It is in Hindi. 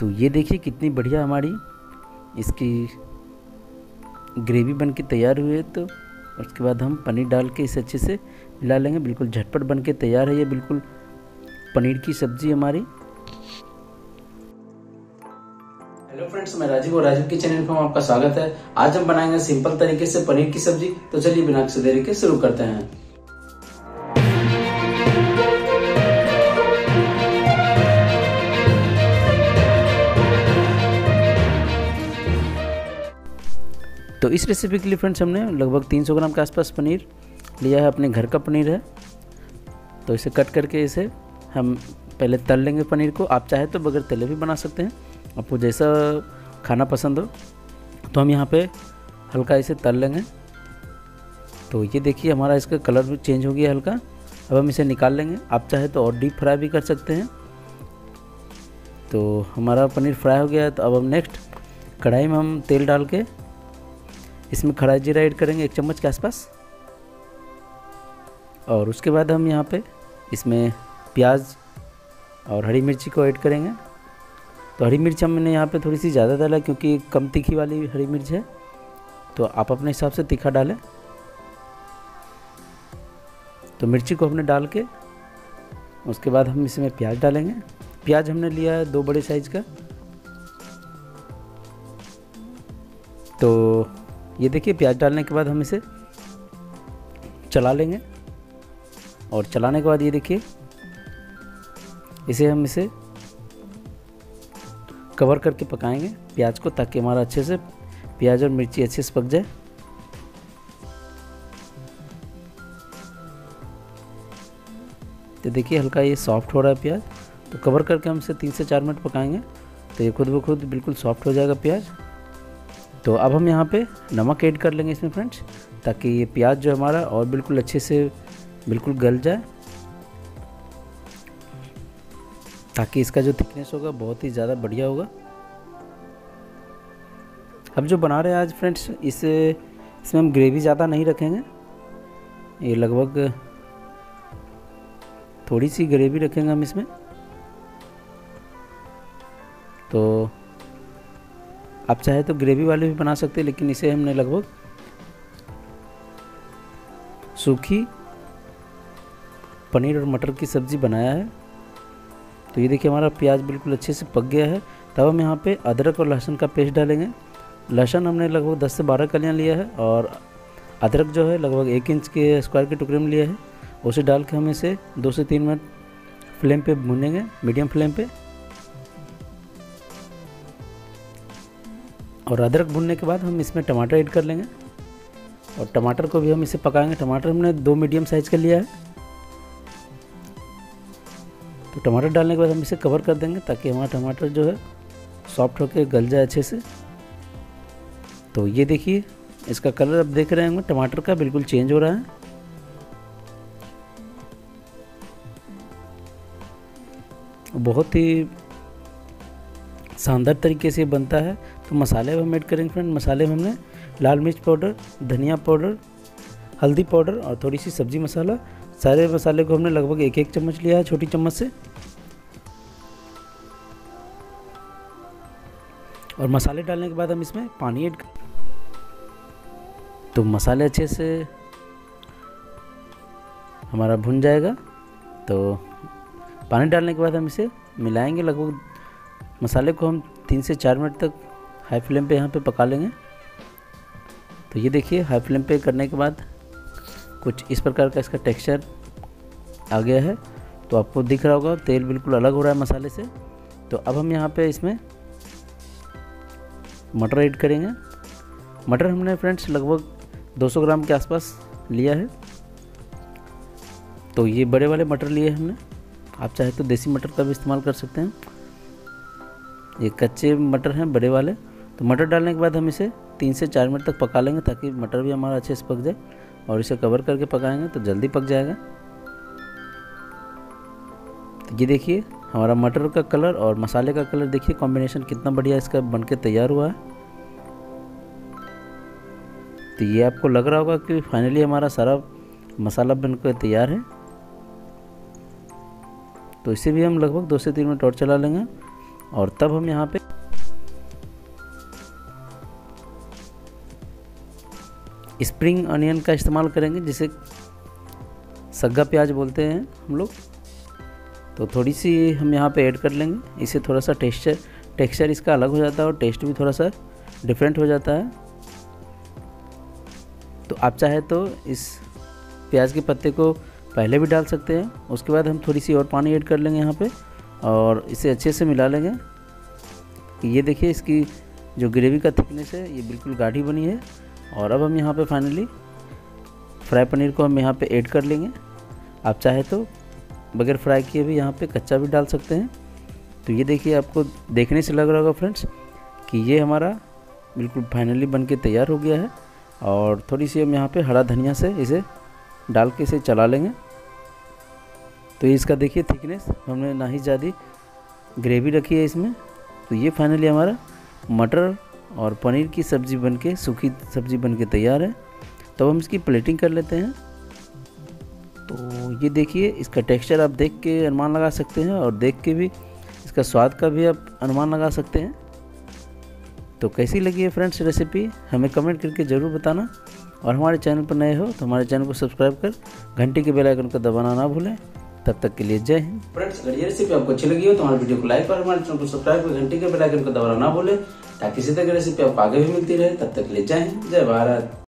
तो ये देखिए कितनी बढ़िया हमारी इसकी ग्रेवी बन के तैयार हुई है तो उसके बाद हम पनीर डाल के इसे अच्छे से मिला लेंगे बिल्कुल झटपट बन के तैयार है ये बिल्कुल पनीर की सब्ज़ी हमारी हेलो फ्रेंड्स मैं राजीव और राजीव के चैनल पर आपका स्वागत है आज हम बनाएंगे सिंपल तरीके से पनीर की सब्जी तो चलिए बिना देरी के शुरू करते हैं तो इस रेसिपी के लिए फ्रेंड्स हमने लगभग 300 ग्राम के आसपास पनीर लिया है अपने घर का पनीर है तो इसे कट करके इसे हम पहले तल लेंगे पनीर को आप चाहे तो बगैर तले भी बना सकते हैं आपको जैसा खाना पसंद हो तो हम यहाँ पे हल्का इसे तल लेंगे तो ये देखिए हमारा इसका कलर भी चेंज हो गया हल्का अब हम इसे निकाल लेंगे आप चाहे तो और डीप फ्राई भी कर सकते हैं तो हमारा पनीर फ्राई हो गया है तो अब हम नेक्स्ट कढ़ाई में हम तेल डाल के इसमें खड़ा जीरा ऐड करेंगे एक चम्मच के आसपास और उसके बाद हम यहाँ पे इसमें प्याज और हरी मिर्ची को ऐड करेंगे तो हरी मिर्च हमने यहाँ पे थोड़ी सी ज़्यादा डाला क्योंकि कम तीखी वाली हरी मिर्च है तो आप अपने हिसाब से तीखा डालें तो मिर्ची को हमने डाल के उसके बाद हम इसमें प्याज डालेंगे प्याज हमने लिया है दो बड़े साइज़ का तो ये देखिए प्याज डालने के बाद हम इसे चला लेंगे और चलाने के बाद ये देखिए इसे हम इसे कवर करके पकाएंगे प्याज को ताकि हमारा अच्छे से प्याज और मिर्ची अच्छे से पक जाए तो देखिए हल्का ये सॉफ्ट हो रहा है प्याज तो कवर करके हम इसे तीन से चार मिनट पकाएंगे तो ये खुद ब खुद बिल्कुल सॉफ्ट हो जाएगा प्याज तो अब हम यहाँ पे नमक ऐड कर लेंगे इसमें फ्रेंड्स ताकि ये प्याज जो हमारा और बिल्कुल अच्छे से बिल्कुल गल जाए ताकि इसका जो थिकनेस होगा बहुत ही ज़्यादा बढ़िया होगा अब जो बना रहे हैं आज फ्रेंड्स इस इसमें हम ग्रेवी ज़्यादा नहीं रखेंगे ये लगभग थोड़ी सी ग्रेवी रखेंगे हम इसमें तो आप चाहे तो ग्रेवी वाले भी बना सकते हैं लेकिन इसे हमने लगभग सूखी पनीर और मटर की सब्ज़ी बनाया है तो ये देखिए हमारा प्याज बिल्कुल अच्छे से पक गया है तब हम यहाँ पे अदरक और लहसुन का पेस्ट डालेंगे लहसुन हमने लगभग 10 से 12 कलियाँ लिया है और अदरक जो है लगभग एक इंच के स्क्वायर के टुकड़े में लिया है उसे डाल के हम इसे दो से तीन मिनट फ्लेम पे भूनेंगे मीडियम फ्लेम पर और अदरक भुनने के बाद हम इसमें टमाटर ऐड कर लेंगे और टमाटर को भी हम इसे पकाएंगे टमाटर हमने दो मीडियम साइज़ का लिया है तो टमाटर डालने के बाद हम इसे कवर कर देंगे ताकि हमारा टमाटर जो है सॉफ्ट होकर गल जाए अच्छे से तो ये देखिए इसका कलर आप देख रहे होंगे टमाटर का बिल्कुल चेंज हो रहा है बहुत ही शानदार तरीके से बनता है तो मसाले हम ऐड करेंगे फ्रेंड मसाले में हमने लाल मिर्च पाउडर धनिया पाउडर हल्दी पाउडर और थोड़ी सी सब्ज़ी मसाला सारे मसाले को हमने लगभग एक एक चम्मच लिया है छोटी चम्मच से और मसाले डालने के बाद हम इसमें पानी ऐड तो मसाले अच्छे से हमारा भुन जाएगा तो पानी डालने के बाद हम इसे मिलाएंगे लगभग मसाले को हम तीन से चार मिनट तक हाई फ्लेम पे यहाँ पे पका लेंगे तो ये देखिए हाई फ्लेम पे करने के बाद कुछ इस प्रकार का इसका टेक्सचर आ गया है तो आपको दिख रहा होगा तेल बिल्कुल अलग हो रहा है मसाले से तो अब हम यहाँ पे इसमें मटर ऐड करेंगे मटर हमने फ्रेंड्स लगभग 200 ग्राम के आसपास लिया है तो ये बड़े वाले मटर लिए हमने आप चाहे तो देसी मटर का भी इस्तेमाल कर सकते हैं ये कच्चे मटर हैं बड़े वाले तो मटर डालने के बाद हम इसे तीन से चार मिनट तक पका लेंगे ताकि मटर भी हमारा अच्छे से पक जाए और इसे कवर करके पकाएंगे तो जल्दी पक जाएगा तो ये देखिए हमारा मटर का कलर और मसाले का कलर देखिए कॉम्बिनेशन कितना बढ़िया इसका बन के तैयार हुआ है तो ये आपको लग रहा होगा कि फाइनली हमारा सारा मसाला बन कर तैयार है तो इसे भी हम लगभग दो से तीन मिनट और चला लेंगे और तब हम यहाँ पे स्प्रिंग अनियन का इस्तेमाल करेंगे जिसे सग्गा प्याज बोलते हैं हम लोग तो थोड़ी सी हम यहाँ पे ऐड कर लेंगे इससे थोड़ा सा टेक्सचर टेक्सचर इसका अलग हो जाता है और टेस्ट भी थोड़ा सा डिफरेंट हो जाता है तो आप चाहे तो इस प्याज के पत्ते को पहले भी डाल सकते हैं उसके बाद हम थोड़ी सी और पानी ऐड कर लेंगे यहाँ पर और इसे अच्छे से मिला लेंगे ये देखिए इसकी जो ग्रेवी का थिकनेस है ये बिल्कुल गाढ़ी बनी है और अब हम यहाँ पे फाइनली फ्राई पनीर को हम यहाँ पे ऐड कर लेंगे आप चाहे तो बगैर फ्राई किए भी यहाँ पे कच्चा भी डाल सकते हैं तो ये देखिए आपको देखने से लग रहा होगा फ्रेंड्स कि ये हमारा बिल्कुल फाइनली बन के तैयार हो गया है और थोड़ी सी हम यहाँ पर हरा धनिया से इसे डाल के इसे चला लेंगे तो इसका देखिए थिकनेस हमने ना ही ज़्यादा ग्रेवी रखी है इसमें तो ये फाइनली हमारा मटर और पनीर की सब्ज़ी बन के सूखी सब्ज़ी बन के तैयार है तब तो हम इसकी प्लेटिंग कर लेते हैं तो ये देखिए इसका टेक्सचर आप देख के अनुमान लगा सकते हैं और देख के भी इसका स्वाद का भी आप अनुमान लगा सकते हैं तो कैसी लगी है फ्रेंड्स रेसिपी हमें कमेंट करके ज़रूर बताना और हमारे चैनल पर नए हो तो हमारे चैनल को सब्सक्राइब कर घंटी के बेल आइकन को दबाना ना भूलें तब तक के लिए जय हिंद फ्रेंड्स अगर ये रेसिपी आपको अच्छी लगी हो तो हमारे वीडियो को लाइक और हमारे चैनल को सब्सक्राइब कर घंटी के बेल आइकन को दबाना ना भूलें ताकि इसी तरह की रेसिपी आपको आगे भी मिलती रहे तब तक के लिए जय हिंद जय भारत